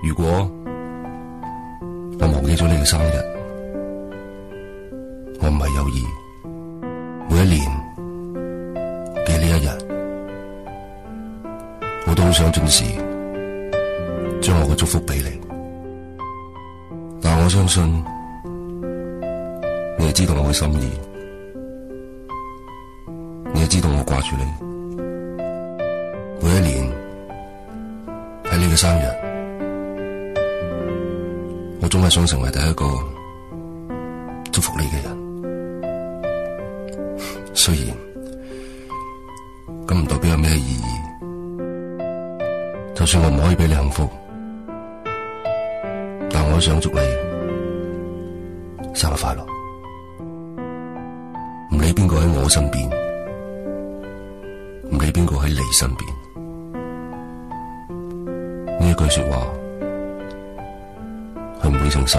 如果我忘記咗你嘅生日，我唔係有意。每一年嘅呢一日，我都好想準時將我嘅祝福俾你。但我相信你係知道我嘅心意，你係知道我掛住你。每一年喺你嘅生日。我總係想成為第一個祝福你嘅人， 雖然咁唔代表有咩意義，就算我唔可以俾你幸福，但我都想祝你生日快樂。唔理邊個喺我身邊，唔理邊個喺你身邊，呢句說話。佢唔會重手。